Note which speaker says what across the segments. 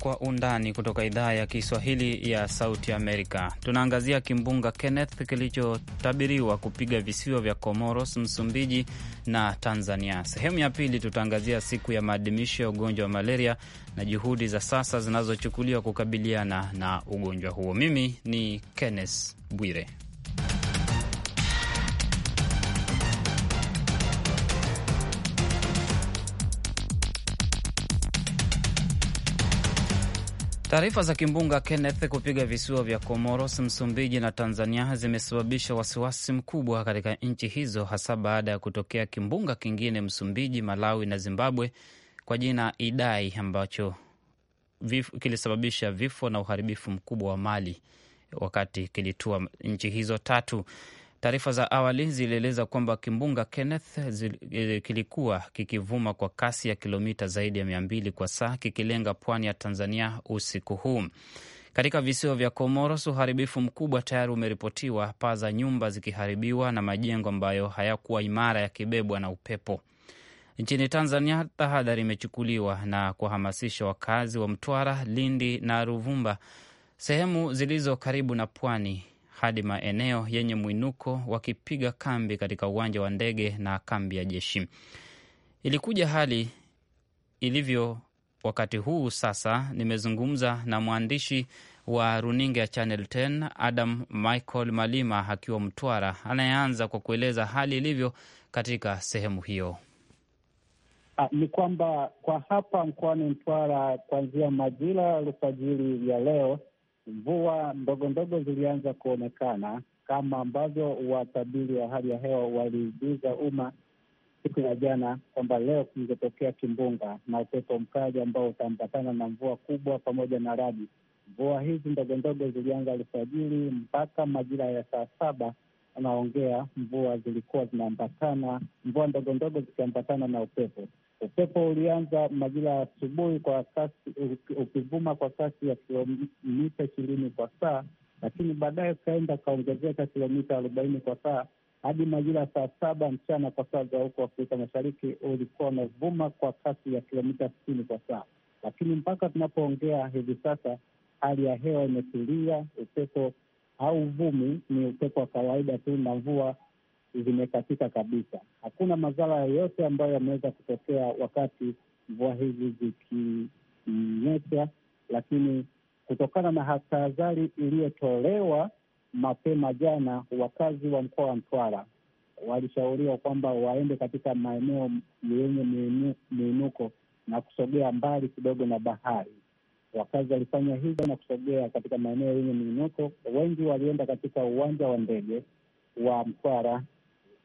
Speaker 1: kwa undani kutoka idhaa ya Kiswahili ya Sauti Amerika. Tunaangazia kimbunga Kenneth kilichotabiriwa kupiga visiwa vya Comoros, Msumbiji na Tanzania. Sehemu ya pili tutaangazia siku ya maadhimisho ya ugonjwa wa malaria na juhudi za sasa zinazochukuliwa kukabiliana na ugonjwa huo. Mimi ni Kenneth Bwire. Taarifa za kimbunga Kenneth kupiga visiwa vya Comoros, Msumbiji na Tanzania zimesababisha wasiwasi mkubwa katika nchi hizo, hasa baada ya kutokea kimbunga kingine Msumbiji, Malawi na Zimbabwe kwa jina Idai ambacho kilisababisha vifo na uharibifu mkubwa wa mali wakati kilitua nchi hizo tatu. Taarifa za awali zilieleza kwamba kimbunga Kenneth e, kilikuwa kikivuma kwa kasi ya kilomita zaidi ya mia mbili kwa saa kikilenga pwani ya Tanzania usiku huu. Katika visiwa vya Comoros, uharibifu mkubwa tayari umeripotiwa, paa za nyumba zikiharibiwa na majengo ambayo hayakuwa imara yakibebwa na upepo. Nchini Tanzania, tahadhari imechukuliwa na kuhamasisha wakazi wa Mtwara, Lindi na Ruvumba, sehemu zilizo karibu na pwani, hadi maeneo yenye mwinuko wakipiga kambi katika uwanja wa ndege na kambi ya jeshi. Ilikuja hali ilivyo wakati huu sasa. Nimezungumza na mwandishi wa runinga ya Channel 10 Adam Michael Malima akiwa Mtwara, anayeanza kwa kueleza hali ilivyo katika sehemu hiyo.
Speaker 2: Ah, ni kwamba kwa hapa mkoani Mtwara, kuanzia majira alfajiri ya leo mvua ndogo ndogo zilianza kuonekana kama ambavyo watabiri wa hali ya hewa waliigiza umma siku ya jana kwamba leo kungetokea kimbunga na upepo mkali ambao utaambatana na mvua kubwa pamoja na radi. Mvua hizi ndogo ndogo zilianza alfajiri mpaka majira ya saa saba anaongea, mvua zilikuwa zinaambatana, mvua ndogo ndogo zikiambatana na upepo. Upepo ulianza majira ya asubuhi kwa kasi, ukivuma kwa kasi ya kilomita ishirini kwa saa, lakini baadaye ukaenda ukaongezeka kilomita arobaini kwa saa hadi majira ya saa saba mchana kwa saa za huko Afrika Mashariki ulikuwa umevuma kwa kasi ya kilomita sitini kwa saa, lakini mpaka tunapoongea hivi sasa hali ya hewa imetulia, upepo au uvumi ni upepo wa kawaida tu na mvua zimekatika kabisa. Hakuna madhara yoyote ambayo yameweza kutokea wakati mvua hizi zikinyesha, lakini kutokana na tahadhari iliyotolewa mapema jana, wakazi wa mkoa wa Mtwara walishauriwa kwamba waende katika maeneo yenye miinuko na kusogea mbali kidogo na bahari. Wakazi walifanya hivyo na kusogea katika maeneo yenye miinuko. Wengi walienda katika uwanja wa ndege wa Mtwara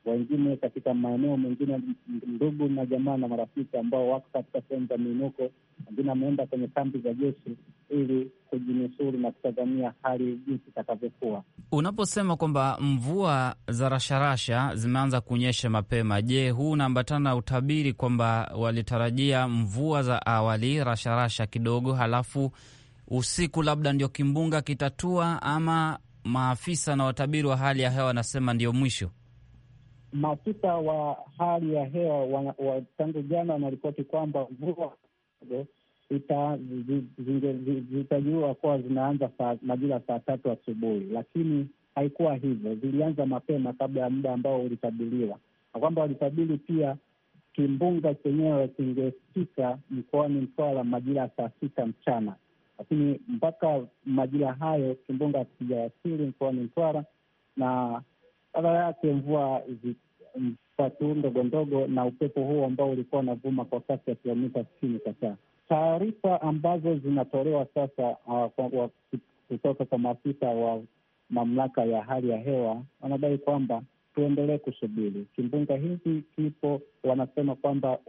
Speaker 2: wengine katika maeneo mengine, ndugu na jamaa na marafiki ambao wako katika sehemu za miinuko, wengine wameenda kwenye kambi za jeshi ili kujinusuru na kutazamia hali jinsi itakavyokuwa.
Speaker 1: Unaposema kwamba mvua za rasharasha zimeanza kunyesha mapema, je, huu unaambatana na utabiri kwamba walitarajia mvua za awali rasharasha kidogo, halafu usiku labda ndio kimbunga kitatua, ama maafisa na watabiri wa hali ya hewa wanasema ndio mwisho?
Speaker 2: maafisa wa hali ya hewa tangu jana wanaripoti kwamba mvua zitajua kuwa zinaanza majira saa tatu asubuhi, lakini haikuwa hivyo. Zilianza mapema kabla ya muda ambao ulitabiliwa, na kwamba walitabili pia kimbunga chenyewe kingefika mkoani Mtwara majira ya saa sita mchana, lakini mpaka majira hayo kimbunga hakijawasili mkoani Mtwara na badala yake mvua mswaki huu ndogo ndogo na upepo huo ambao ulikuwa unavuma kwa kasi ya kilomita sitini kwa saa. Taarifa ambazo zinatolewa sasa uh, kutoka kwa maafisa wa mamlaka ya hali ya hewa wanadai kwamba tuendelee kusubiri. Kimbunga hiki kipo, wanasema kwamba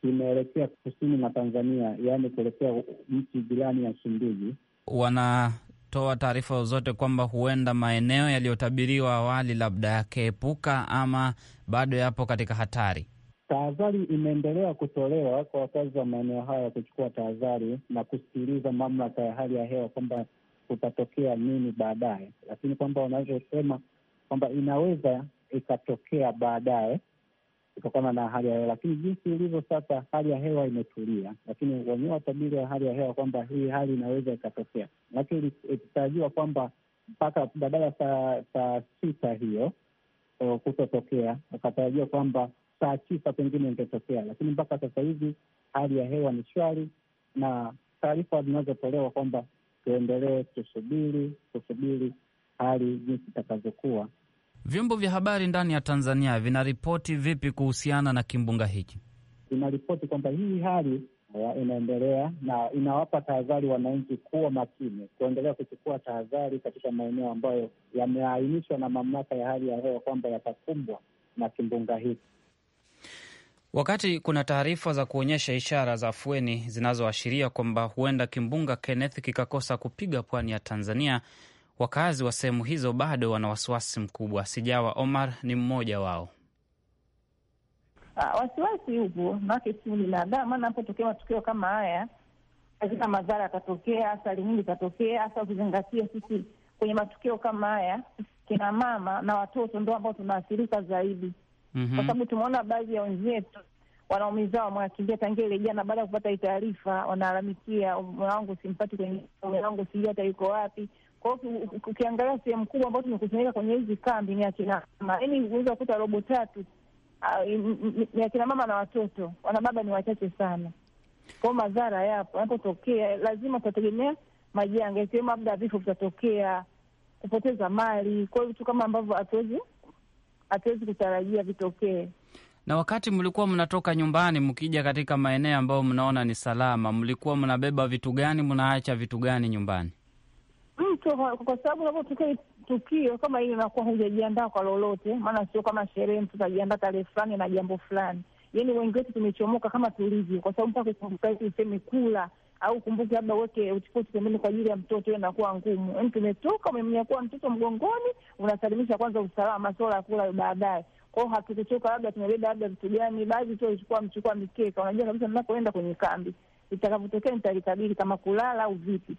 Speaker 2: kimeelekea kusini mwa Tanzania, yaani kuelekea nchi jirani ya Msumbiji.
Speaker 1: Wana kutoa taarifa zozote kwamba huenda maeneo yaliyotabiriwa awali labda yakaepuka ama bado yapo katika hatari?
Speaker 2: Tahadhari imeendelea kutolewa kwa wakazi wa maeneo haya kuchukua tahadhari na kusikiliza mamlaka ya hali ya hewa kwamba kutatokea nini baadaye, lakini kwamba wanavyosema kwamba inaweza ikatokea baadaye kutokana na hali ya hewa, lakini jinsi ilivyo sasa, hali ya hewa imetulia, lakini wenyewe watabiri wa hali ya hewa kwamba hii hali inaweza ikatokea, lakini ikitarajiwa kwamba mpaka badala saa saa sita hiyo kutotokea, wakatarajia kwamba saa tisa pengine ingetokea, lakini mpaka sasa hivi hali ya hewa ni shwari, na taarifa zinazotolewa kwamba tuendelee kusubiri kusubiri hali jinsi itakazokuwa
Speaker 1: Vyombo vya habari ndani ya Tanzania vinaripoti vipi kuhusiana na kimbunga hiki?
Speaker 2: Vinaripoti kwamba hii hali eh, inaendelea na inawapa tahadhari wananchi kuwa makini, kuendelea kuchukua tahadhari katika maeneo ambayo yameainishwa na mamlaka ya hali ya hewa kwamba yatakumbwa na kimbunga hiki.
Speaker 1: Wakati kuna taarifa za kuonyesha ishara za afueni zinazoashiria kwamba huenda kimbunga Kenneth kikakosa kupiga pwani ya Tanzania Wakazi wa sehemu hizo bado wana wasiwasi mkubwa. Sijawa Omar ni mmoja wao.
Speaker 3: Uh, wasiwasi hupo maake siu linadhaa, maana anapotokea matukio kama haya lazima madhara yatatokea, athari nyingi itatokea, hasa ukizingatia sisi kwenye matukio kama haya kina mama na watoto ndo ambao tunaathirika zaidi, mm -hmm. kwa sababu tumeona baadhi ya wenzetu wanaumizao wamewakimbia tangia ile jana, baada ya kupata hii taarifa wanalalamikia, mume wangu simpati kwenye, mume wangu sijui hata yuko wapi, kwa hiyo ukiangalia sehemu kubwa ambayo tumekusanyika kwenye hizi kambi ni akina mama, yaani unaweza kukuta robo tatu ni akina mama na watoto, wana baba ni wachache sana. Kwa hiyo madhara yapo, yanapotokea lazima tutategemea majanga, ikiwemo labda vifo vitatokea, kupoteza mali. Kwa hiyo vitu kama ambavyo hatuwezi hatuwezi kutarajia vitokee.
Speaker 1: Na wakati mlikuwa mnatoka nyumbani mkija katika maeneo ambayo mnaona ni salama, mlikuwa mnabeba vitu gani? Mnaacha vitu gani nyumbani?
Speaker 3: mtu kwa sababu unapotokea tukio kama hili unakuwa hujajiandaa kwa lolote, maana sio kama sherehe mtu utajiandaa tarehe fulani na jambo fulani. Yani wengi wetu tumechomoka kama tulivyo, kwa sababu mpaka ukumbuka hii useme kula au kumbuke labda uweke uchipoti pembeni kwa ajili ya mtoto, hiyo inakuwa ngumu. Yani tumetoka, umemnyakua mtoto mgongoni, unasalimisha kwanza usalama, masuala ya kula baadaye kwao hatukutoka, labda tumebeba labda vitu gani, baadhi tu alichukua mchukua mikeka. Unajua kabisa ninapoenda kwenye kambi, itakavyotokea nitalikabili kama kulala au vipi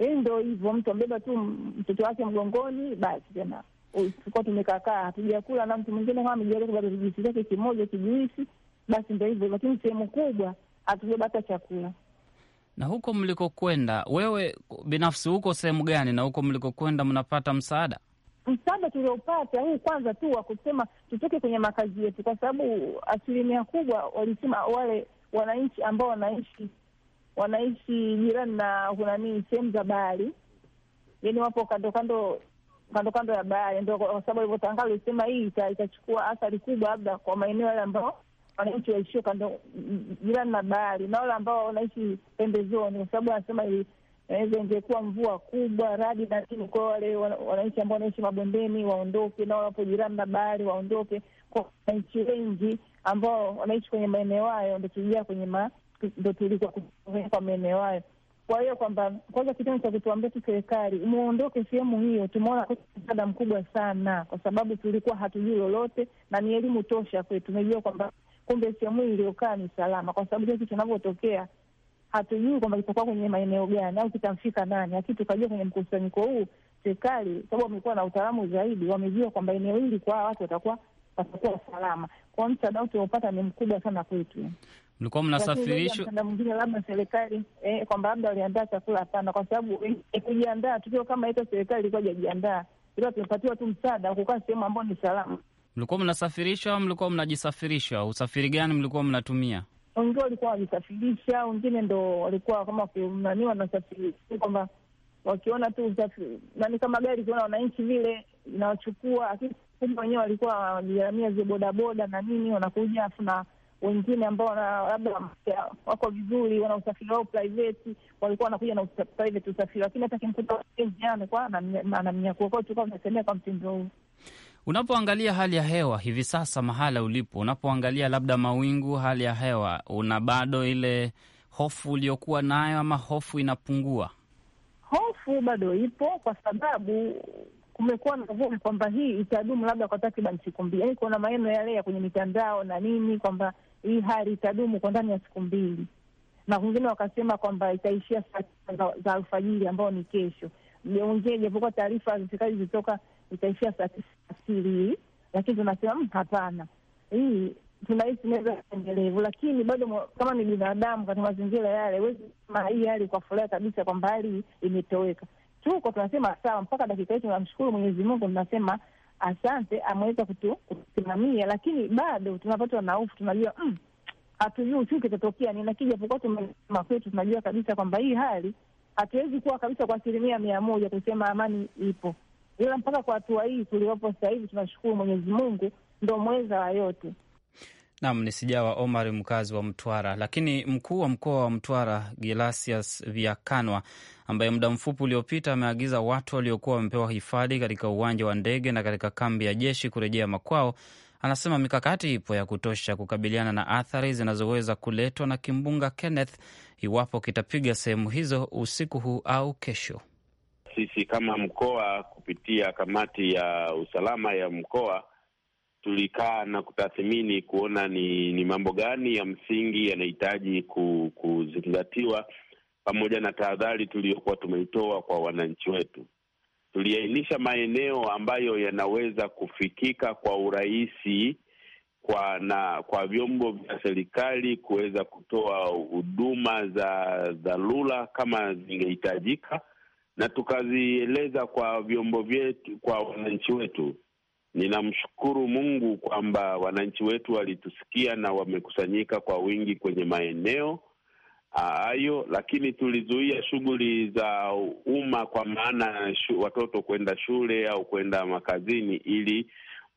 Speaker 3: hii eh, ndo hivyo, mtu ambeba tu mtoto wake mgongoni, basi tena tulikuwa tumekakaa hatujakula, na mtu mwingine kama amejalia bado kijuisi chake kimoja kijuisi, basi ndo hivyo, lakini sehemu kubwa hatujaba hata chakula.
Speaker 1: Na huko mlikokwenda wewe binafsi, huko sehemu gani na huko mlikokwenda mnapata msaada?
Speaker 3: Msaada tuliopata huu kwanza tu wa kusema tutoke kwenye makazi yetu, kwa sababu asilimia kubwa walisema wale wananchi ambao wanaishi wanaishi jirani na kunanii sehemu za bahari, yani wapo kando kando kando kando ya bahari, ndo kwa sababu ilivyotangaza ilisema hii itachukua athari kubwa, labda kwa maeneo yale ambao wananchi waishio kando jirani na bahari na wale ambao wanaishi pembezoni, kwa sababu anasema inaweza ingekuwa mvua kubwa, radi na nini, kwao wale wananchi ambao wanaishi mabondeni waondoke, na wanapo jirani na bahari waondoke. Kwa wananchi wengi ambao wanaishi kwenye maeneo hayo, ndo tulijaa kwenye ma ndo tulikuwa kwa maeneo hayo. Kwa hiyo kwamba kwanza kitendo cha kutuambia tu serikali muondoke sehemu hiyo, tumeona msaada mkubwa sana, kwa sababu tulikuwa hatujui lolote, na ni elimu tosha kwetu. Tumejua kwamba kumbe sehemu hii iliyokaa ni salama, kwa sababu jinsi tunavyotokea hatujui kwamba kitakuwa kwenye maeneo gani au kitamfika nani, lakini tukajua kwenye mkusanyiko huu serikali, sababu wamekuwa na utaalamu zaidi, wamejua kwamba eneo hili kwa watu watakuwa watakuwa salama. Kwa hiyo msaada tunaopata ni mkubwa sana kwetu
Speaker 1: mlikuwa mnasafirishwa na
Speaker 3: mwingine, labda serikali eh, kwamba labda waliandaa chakula. Hapana, kwa sababu eh, kujiandaa tukio kama hicho, serikali ilikuwa haijajiandaa, ila tumepatiwa tu msaada kukaa sehemu ambayo ni salama.
Speaker 1: Mlikuwa mnasafirishwa au mlikuwa mnajisafirisha? Usafiri gani mlikuwa mnatumia?
Speaker 3: Wengine walikuwa wajisafirisha, wengine ndo walikuwa kama nani, wanasafiri kwamba wakiona tu nani kama gari kiona wananchi vile inawachukua, lakini kumbe wenyewe walikuwa wanajiharamia zile bodaboda na nini, wanakuja afu na wengine ambao labda wako vizuri, wana usafiri wao private, walikuwa wanakuja na private usafiri, lakini hata kimkuta amekuwa anamnyakua kwao. Tulikuwa tunasemea kwa mtindo huu.
Speaker 1: Unapoangalia hali ya hewa hivi sasa mahala ulipo, unapoangalia labda mawingu, hali ya hewa, una bado ile hofu uliyokuwa nayo ama hofu inapungua?
Speaker 3: Hofu bado ipo kwa sababu kumekuwa na uvumi kwamba hii itadumu labda kwa takriban siku mbili. Yaani kuna maneno yale ya kwenye mitandao na nini kwamba hii hali itadumu kwa ndani ya siku mbili, na wengine wakasema kwamba itaishia saa za, za alfajiri ambao ni kesho. Wengine apokuwa taarifa za serikali zilitoka itaishia saa tisa asili hii, lakini tunasema hmm, hapana, hii tunahisi inaweza endelevu, lakini bado kama ni binadamu katika mazingira yale, wezi sema hii hali kwa furaha kabisa kwamba hali imetoweka. Tuko tunasema sawa, mpaka dakika hii tunamshukuru Mwenyezi Mungu, tunasema asante, ameweza kutusimamia, lakini bado tunapatwa na hofu, tunajua mm, hatujui chuki itatokea nini, lakini japokuwa tumesema kwetu, tunajua kabisa kwamba hii hali hatuwezi kuwa kabisa kwa asilimia mia moja kusema amani ipo, ila mpaka kwa hatua hii tuliopo sasa hivi tunashukuru Mwenyezi Mungu ndo mweza wa yote.
Speaker 1: Nam ni Sijawa Omar, mkazi wa Mtwara. Lakini mkuu wa mkoa wa Mtwara Gilasias Viakanwa, ambaye muda mfupi uliopita ameagiza watu waliokuwa wamepewa hifadhi katika uwanja wa ndege na katika kambi ya jeshi kurejea makwao, anasema mikakati ipo ya kutosha kukabiliana na athari zinazoweza kuletwa na kimbunga Kenneth iwapo kitapiga sehemu hizo usiku huu au kesho.
Speaker 4: Sisi kama mkoa kupitia kamati ya usalama ya mkoa tulikaa na kutathmini kuona ni, ni mambo gani ya msingi yanahitaji kuzingatiwa pamoja na tahadhari tuliyokuwa tumeitoa kwa wananchi wetu. Tuliainisha maeneo ambayo yanaweza kufikika kwa urahisi kwa na kwa vyombo vya serikali kuweza kutoa huduma za dharura kama zingehitajika, na tukazieleza kwa vyombo vyetu, kwa wananchi wetu Ninamshukuru Mungu kwamba wananchi wetu walitusikia na wamekusanyika kwa wingi kwenye maeneo ah, hayo, lakini tulizuia shughuli za umma, kwa maana shu, watoto kwenda shule au kwenda makazini, ili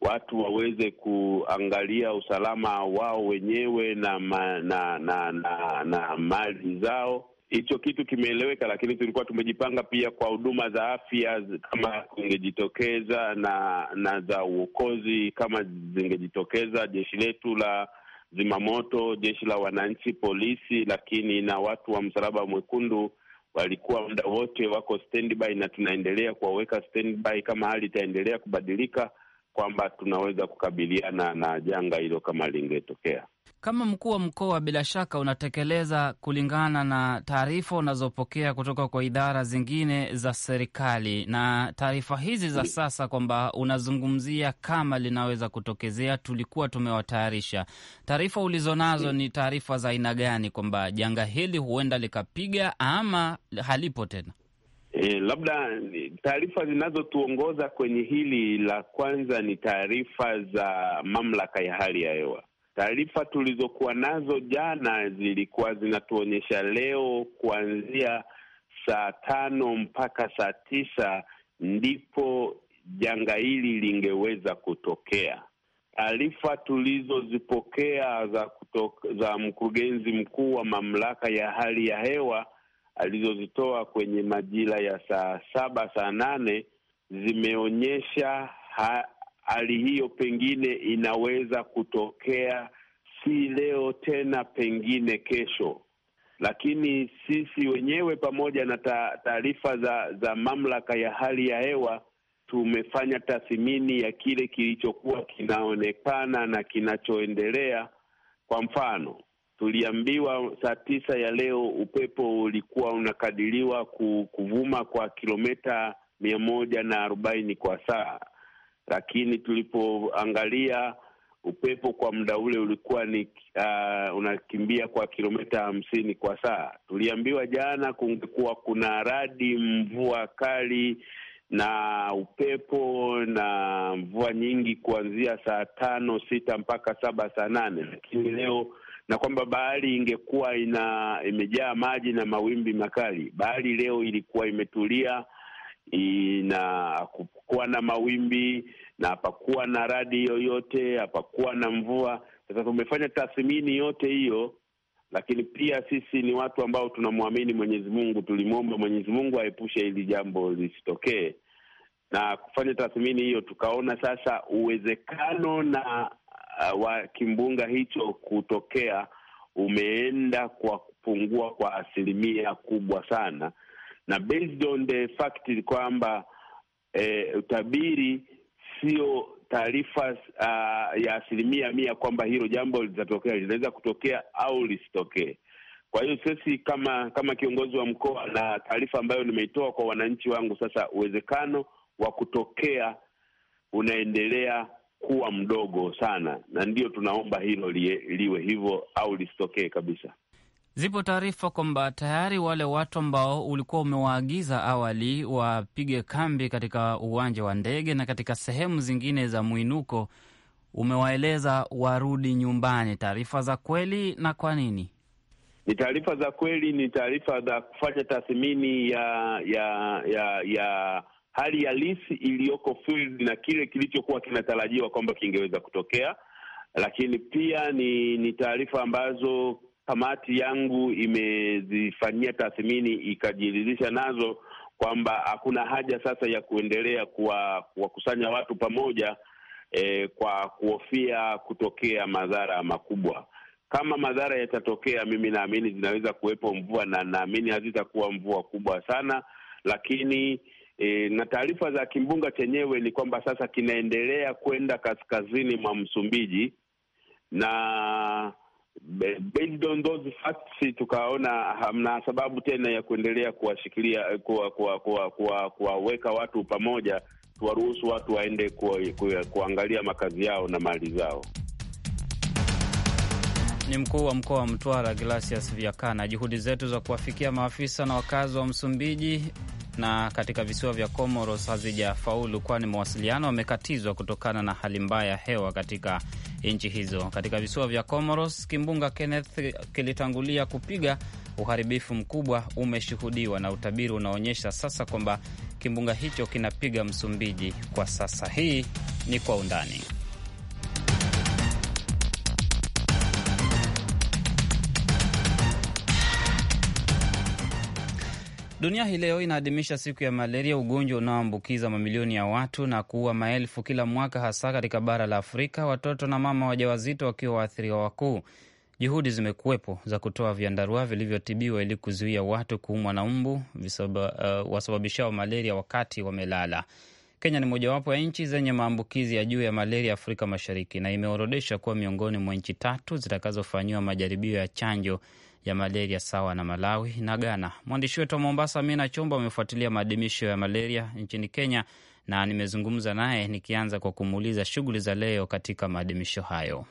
Speaker 4: watu waweze kuangalia usalama wao wenyewe na ma, na, na, na, na mali zao. Hicho kitu kimeeleweka, lakini tulikuwa tumejipanga pia kwa huduma za afya kama zingejitokeza na na za uokozi kama zingejitokeza, jeshi letu la zimamoto, jeshi la wananchi, polisi, lakini na watu wa Msalaba Mwekundu walikuwa muda wote wako standby na tunaendelea kuwaweka standby kama hali itaendelea kubadilika kwamba tunaweza kukabiliana na janga hilo kama lingetokea.
Speaker 1: Kama mkuu wa mkoa, bila shaka unatekeleza kulingana na taarifa unazopokea kutoka kwa idara zingine za serikali, na taarifa hizi za mm. sasa kwamba unazungumzia kama linaweza kutokezea, tulikuwa tumewatayarisha. Taarifa ulizonazo mm. ni taarifa za aina gani, kwamba janga hili huenda likapiga ama halipo tena?
Speaker 4: E, labda taarifa zinazotuongoza kwenye hili la kwanza ni taarifa za mamlaka ya hali ya hewa. Taarifa tulizokuwa nazo jana zilikuwa zinatuonyesha leo kuanzia saa tano mpaka saa tisa ndipo janga hili lingeweza kutokea. Taarifa tulizozipokea za kutoka, za mkurugenzi mkuu wa mamlaka ya hali ya hewa alizozitoa kwenye majira ya saa saba saa nane zimeonyesha hali hiyo pengine inaweza kutokea, si leo tena, pengine kesho. Lakini sisi wenyewe pamoja na taarifa za, za mamlaka ya hali ya hewa tumefanya tathmini ya kile kilichokuwa kinaonekana na kinachoendelea. Kwa mfano tuliambiwa saa tisa ya leo upepo ulikuwa unakadiriwa kuvuma kwa kilomita mia moja na arobaini kwa saa, lakini tulipoangalia upepo kwa muda ule ulikuwa ni uh, unakimbia kwa kilomita hamsini kwa saa. Tuliambiwa jana kungekuwa kuna radi, mvua kali na upepo na mvua nyingi kuanzia saa tano sita mpaka saba saa nane lakini leo na kwamba bahari ingekuwa ina imejaa maji na mawimbi makali. Bahari leo ilikuwa imetulia, ina kuwa na mawimbi na hapakuwa na radi yoyote, hapakuwa na mvua. Sasa tumefanya tathmini yote hiyo, lakini pia sisi ni watu ambao tunamwamini Mwenyezi Mungu, tulimwomba Mwenyezi Mungu aepushe hili jambo lisitokee, na kufanya tathmini hiyo tukaona sasa uwezekano na uh, wa kimbunga hicho kutokea umeenda kwa kupungua kwa asilimia kubwa sana, na based on the fact kwamba eh, utabiri sio taarifa uh, ya asilimia mia kwamba hilo jambo litatokea, linaweza kutokea au lisitokee. Kwa hiyo sisi kama kama kiongozi wa mkoa na taarifa ambayo nimeitoa kwa wananchi wangu, sasa uwezekano wa kutokea unaendelea kuwa mdogo sana, na ndiyo tunaomba hilo liwe, liwe hivyo au lisitokee kabisa.
Speaker 1: Zipo taarifa kwamba tayari wale watu ambao ulikuwa umewaagiza awali wapige kambi katika uwanja wa ndege na katika sehemu zingine za mwinuko umewaeleza warudi nyumbani. Taarifa za kweli na kwa nini?
Speaker 4: Ni taarifa za kweli, ni taarifa za kufanya tathmini ya ya ya ya hali halisi iliyoko field na kile kilichokuwa kinatarajiwa kwamba kingeweza kutokea, lakini pia ni, ni taarifa ambazo kamati yangu imezifanyia tathmini ikajiridhisha nazo kwamba hakuna haja sasa ya kuendelea kuwakusanya kuwa watu pamoja eh, kwa kuhofia kutokea madhara makubwa. Kama madhara yatatokea, mimi naamini zinaweza kuwepo mvua, na naamini hazitakuwa mvua kubwa sana, lakini E, na taarifa za kimbunga chenyewe ni kwamba sasa kinaendelea kwenda kaskazini mwa Msumbiji na based on those facts tukaona hamna sababu tena ya kuendelea kuwashikilia kuwaweka kuwa, kuwa, kuwa watu pamoja, tuwaruhusu watu waende kuwa, kuwa, kuangalia makazi yao na mali zao.
Speaker 1: Ni mkuu wa mkoa wa Mtwara Glasius Viakana. Juhudi zetu za kuwafikia maafisa na wakazi wa Msumbiji na katika visiwa vya Comoros hazijafaulu, kwani mawasiliano yamekatizwa kutokana na hali mbaya ya hewa katika nchi hizo. Katika visiwa vya Comoros, kimbunga Kenneth kilitangulia kupiga, uharibifu mkubwa umeshuhudiwa, na utabiri unaonyesha sasa kwamba kimbunga hicho kinapiga Msumbiji kwa sasa. Hii ni Kwa Undani. Dunia hii leo inaadhimisha siku ya malaria, ugonjwa unaoambukiza mamilioni ya watu na kuua maelfu kila mwaka, hasa katika bara la Afrika, watoto na mama wajawazito wakiwa waathiriwa wakuu. Juhudi zimekuwepo za kutoa vyandarua vilivyotibiwa ili kuzuia watu kuumwa na mbu uh, wasababishao malaria wakati wamelala. Kenya ni mojawapo ya nchi zenye maambukizi ya juu ya malaria Afrika Mashariki na imeorodesha kuwa miongoni mwa nchi tatu zitakazofanyiwa majaribio ya chanjo ya malaria sawa na Malawi na Ghana. Mwandishi wetu wa Mombasa, Amina Chomba, amefuatilia maadhimisho ya malaria nchini Kenya na nimezungumza naye nikianza kwa kumuuliza shughuli za leo katika maadhimisho hayo.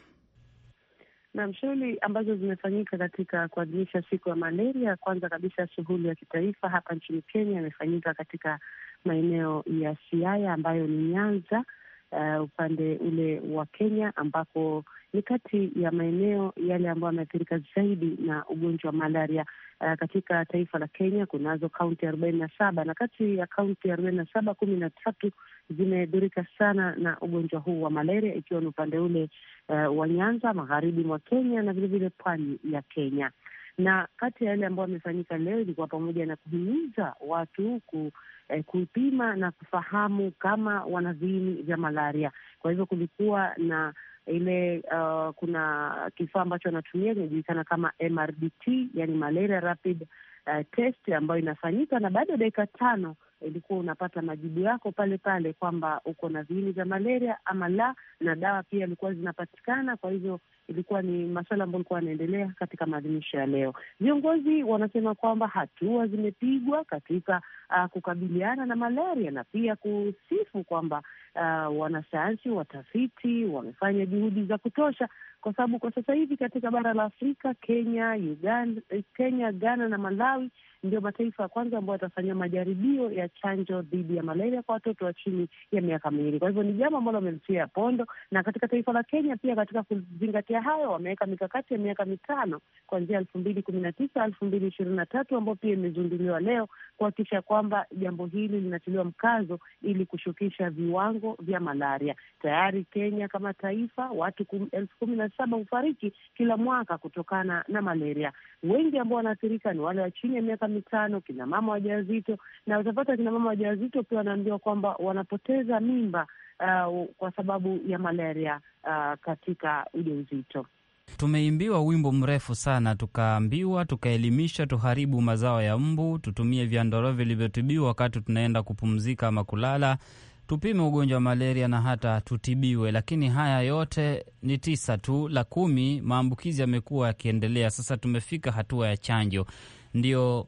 Speaker 5: Naam, shughuli ambazo zimefanyika katika kuadhimisha siku ya malaria, kwanza kabisa shughuli ya kitaifa hapa nchini Kenya imefanyika katika maeneo ya Siaya ambayo ni Nyanza uh, upande ule wa Kenya ambapo ni kati ya maeneo yale ambayo yameathirika zaidi na ugonjwa wa malaria. Uh, katika taifa la Kenya kunazo kaunti arobaini na saba na kati ya kaunti arobaini na saba kumi na tatu zimedhurika sana na ugonjwa huu wa malaria, ikiwa ni upande ule uh, wa Nyanza, magharibi mwa Kenya na vilevile pwani ya Kenya na kati ya yale ambayo amefanyika leo ilikuwa pamoja na kuhimiza watu ku, eh, kupima na kufahamu kama wana viini vya malaria. Kwa hivyo kulikuwa na ile uh, kuna kifaa ambacho anatumia kinajulikana kama MRBT, yani malaria rapid uh, test ambayo inafanyika, na baada ya dakika tano ilikuwa unapata majibu yako pale pale kwamba uko na viini vya malaria ama la, na dawa pia ilikuwa zinapatikana. Kwa hivyo ilikuwa ni masuala ambayo ilikuwa yanaendelea katika maadhimisho ya leo. Viongozi wanasema kwamba hatua zimepigwa katika uh, kukabiliana na malaria na pia kusifu kwamba uh, wanasayansi watafiti wamefanya juhudi za kutosha kwa sababu kwa sasa hivi katika bara la Afrika Kenya, Uganda, eh, Kenya, Ghana na Malawi ndio mataifa ya kwanza ambayo yatafanyia majaribio ya chanjo dhidi ya malaria kwa watoto wa chini ya miaka miwili. Kwa hivyo ni jambo ambalo wamelutia pondo, na katika taifa la Kenya pia katika kuzingatia hayo wameweka mikakati ya miaka mitano kuanzia elfu mbili kumi na tisa elfu mbili ishirini na tatu ambayo pia imezunduliwa leo kuhakikisha kwamba jambo hili linatiliwa mkazo ili kushukisha viwango vya malaria. Tayari Kenya kama taifa watu kum, elfu kumi na saba hufariki kila mwaka kutokana na malaria. Wengi ambao wanaathirika ni wale wa chini ya miaka mitano, kinamama wajawazito, na utapata kinamama wajawazito pia wanaambiwa kwamba wanapoteza mimba uh, kwa sababu ya malaria uh, katika ujauzito.
Speaker 1: Tumeimbiwa wimbo mrefu sana, tukaambiwa, tukaelimisha tuharibu mazao ya mbu, tutumie vyandoro vilivyotibiwa wakati tunaenda kupumzika ama kulala, tupime ugonjwa wa malaria na hata tutibiwe. Lakini haya yote ni tisa tu, la kumi maambukizi yamekuwa yakiendelea. Sasa tumefika hatua ya chanjo, ndio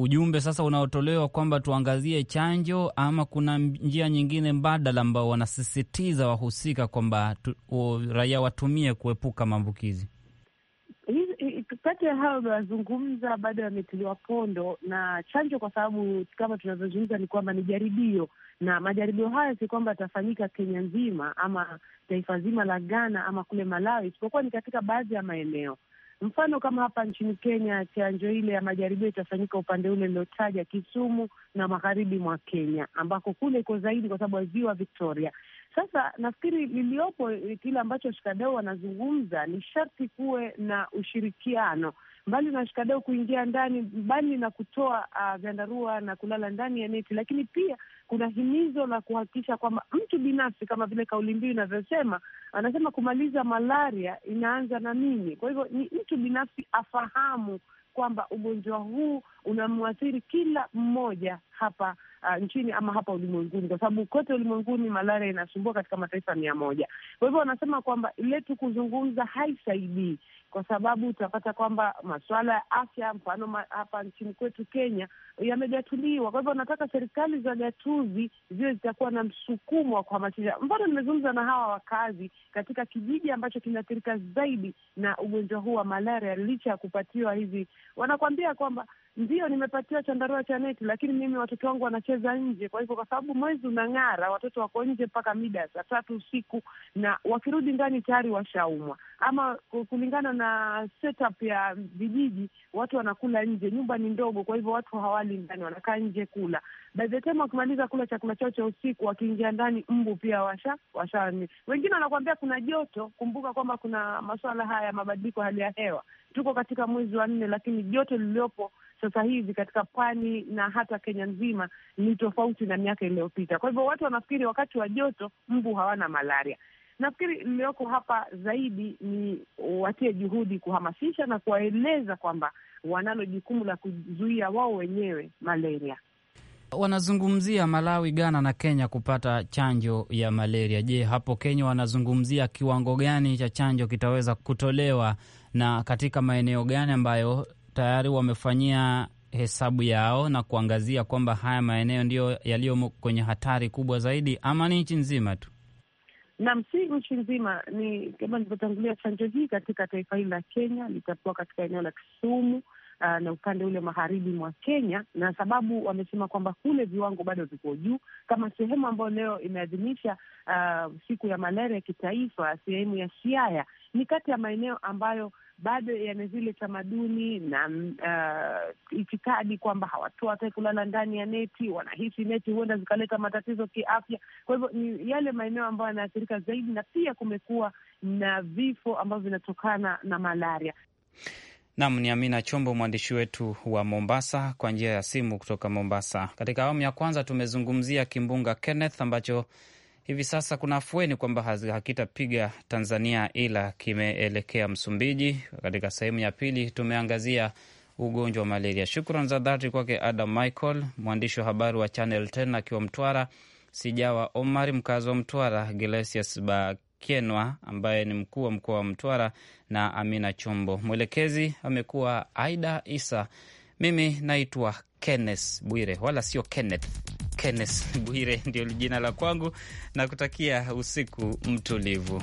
Speaker 1: ujumbe sasa unaotolewa kwamba tuangazie chanjo ama kuna njia nyingine mbadala ambao wanasisitiza wahusika kwamba raia watumie kuepuka maambukizi?
Speaker 5: Kati ya hayo amewazungumza, bado yametiliwa pondo na chanjo, kwa sababu kama tunavyozungumza ni kwamba ni jaribio, na majaribio haya si kwamba yatafanyika Kenya nzima ama taifa zima la Ghana ama kule Malawi, isipokuwa ni katika baadhi ya maeneo Mfano kama hapa nchini Kenya, chanjo ile ya majaribio itafanyika upande ule iliotaja Kisumu na magharibi mwa Kenya, ambako kule iko zaidi kwa sababu ya ziwa Victoria. Sasa nafikiri liliopo kile ambacho shikadau wanazungumza ni sharti kuwe na ushirikiano mbali na washikadau kuingia ndani, mbali na kutoa uh, vyandarua na kulala ndani ya neti, lakini pia kuna himizo la kuhakikisha kwamba mtu binafsi, kama vile kauli mbiu inavyosema, anasema kumaliza malaria inaanza na mimi. Kwa hivyo ni mtu binafsi afahamu kwamba ugonjwa huu unamwathiri kila mmoja hapa uh, nchini ama hapa ulimwenguni, kwa sababu kote ulimwenguni malaria inasumbua katika mataifa mia moja. Kwa hivyo wanasema kwamba letu kuzungumza haisaidii, kwa sababu utapata kwamba masuala ya afya, mfano hapa nchini kwetu Kenya, yamegatuliwa. Kwa hivyo nataka serikali za gatuzi ziwe zitakuwa na msukumo wa kuhamasisha. Mfano, nimezungumza na hawa wakazi katika kijiji ambacho kinaathirika zaidi na ugonjwa huu wa malaria, licha ya kupatiwa hivi wanakuambia kwamba ndio nimepatiwa chandarua cha neti, lakini mimi watoto wangu wanacheza nje. Kwa hivyo, kwa sababu mwezi unang'ara, watoto wako nje mpaka mida saa tatu usiku, na wakirudi ndani tayari washaumwa. Ama kulingana na setup ya vijiji, watu wanakula nje, nyumba ni ndogo, kwa hivyo watu hawali ndani, wanakaa nje kula. By the time wakimaliza kula chakula chao cha usiku, wakiingia ndani, mbu pia washa washa. Wengine wanakuambia kuna joto. Kumbuka kwamba kuna masuala haya ya mabadiliko hali ya hewa, tuko katika mwezi wa nne, lakini joto liliopo sasa hivi katika pwani na hata Kenya nzima ni tofauti na miaka iliyopita. Kwa hivyo watu wanafikiri wakati wa joto mbu hawana malaria. Nafikiri iliyoko hapa zaidi ni watie juhudi kuhamasisha na kuwaeleza kwamba wanalo jukumu la kuzuia wao wenyewe malaria.
Speaker 1: Wanazungumzia Malawi, Ghana na Kenya kupata chanjo ya malaria. Je, hapo Kenya wanazungumzia kiwango gani cha chanjo kitaweza kutolewa na katika maeneo gani ambayo tayari wamefanyia hesabu yao na kuangazia kwamba haya maeneo ndiyo yaliyo kwenye hatari kubwa zaidi, ama ni nchi nzima tu?
Speaker 5: Naam, si nchi nzima, ni kama nilivyotangulia, chanjo hii katika taifa hili la Kenya litakuwa katika eneo la Kisumu uh, na upande ule magharibi mwa Kenya, na sababu wamesema kwamba kule viwango bado viko juu, kama sehemu ambayo leo imeadhimisha ah, siku ya malaria ya kitaifa, sehemu ya Siaya ni kati ya maeneo ambayo bado yana zile tamaduni na uh, itikadi kwamba hawatu wataki kulala ndani ya neti, wanahisi neti huenda zikaleta matatizo kiafya. Kwa hivyo ni yale maeneo ambayo yanaathirika zaidi, na pia kumekuwa na vifo ambavyo vinatokana na malaria.
Speaker 1: Nam ni Amina Chombo, mwandishi wetu wa Mombasa kwa njia ya simu kutoka Mombasa. Katika awamu ya kwanza tumezungumzia kimbunga Kenneth ambacho hivi sasa kuna afueni kwamba hakitapiga Tanzania ila kimeelekea Msumbiji. Katika sehemu ya pili tumeangazia ugonjwa wa malaria. Shukran za dhati kwake Adam Michael, mwandishi wa habari wa Channel 10 akiwa Mtwara, Sijawa Omar, mkazi wa Mtwara, Gelasius Bakenwa ambaye ni mkuu wa mkoa wa Mtwara na Amina Chombo. Mwelekezi amekuwa Aida Isa. Mimi naitwa Kenneth Bwire, wala sio Kenneth. Kenneth Bwire ndio jina la kwangu, na kutakia usiku mtulivu.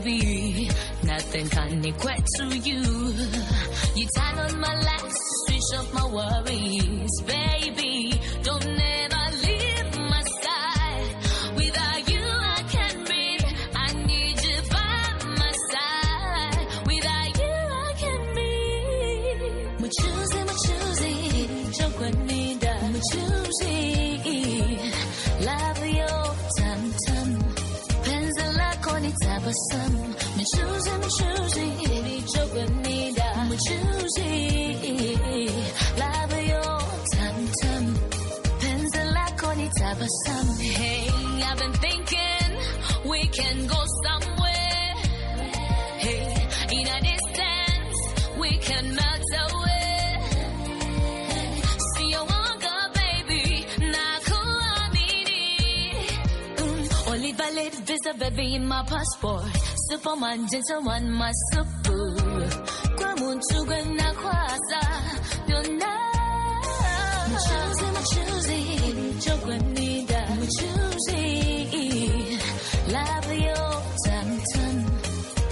Speaker 6: baby. Nothing can equate to you. You turn on my lights, switch off my worries, baby. 你才不信，没出息，没出息，你就滚你的，没出息，来不用忐忑，骗子拉过你才不信。Hey, I've been thinking we can go somewhere. Red visa, baby, in my passport. Superman, gentleman, my super. kwa munchugwe na kwasa. Yona. Mchuzi, mchuzi. Mchogwe nida. choosing, Love you, tamtam.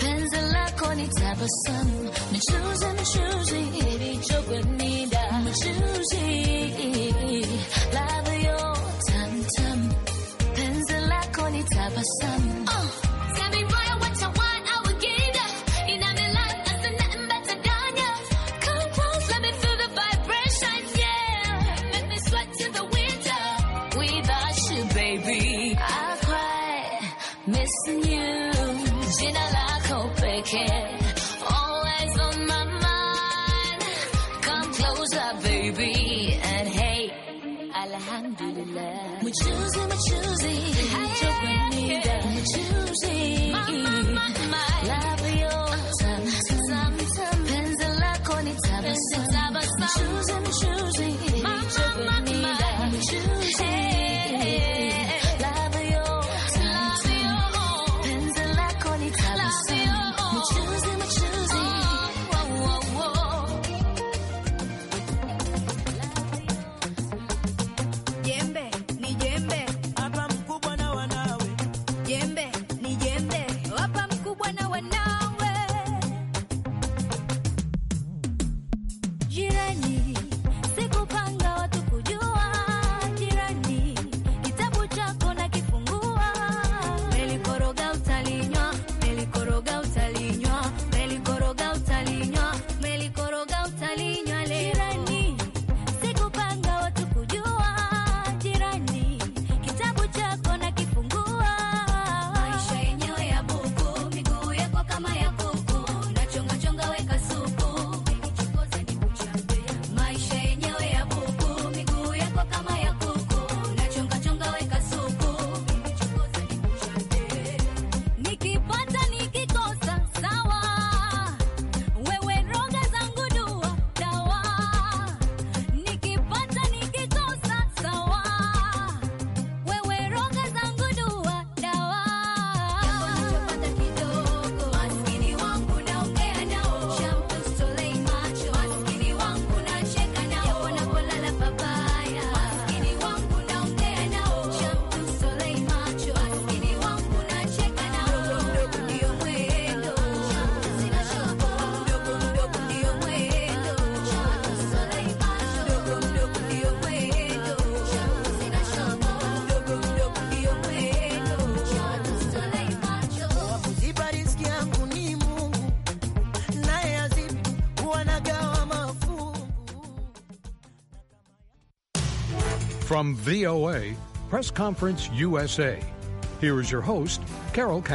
Speaker 6: Penzi lako ni tabasamu. Mchuzi, mchuzi. Mchogwe nida. choosing, Love you.
Speaker 2: From VOA, Press Conference USA, here is your host, Carol Cassidy.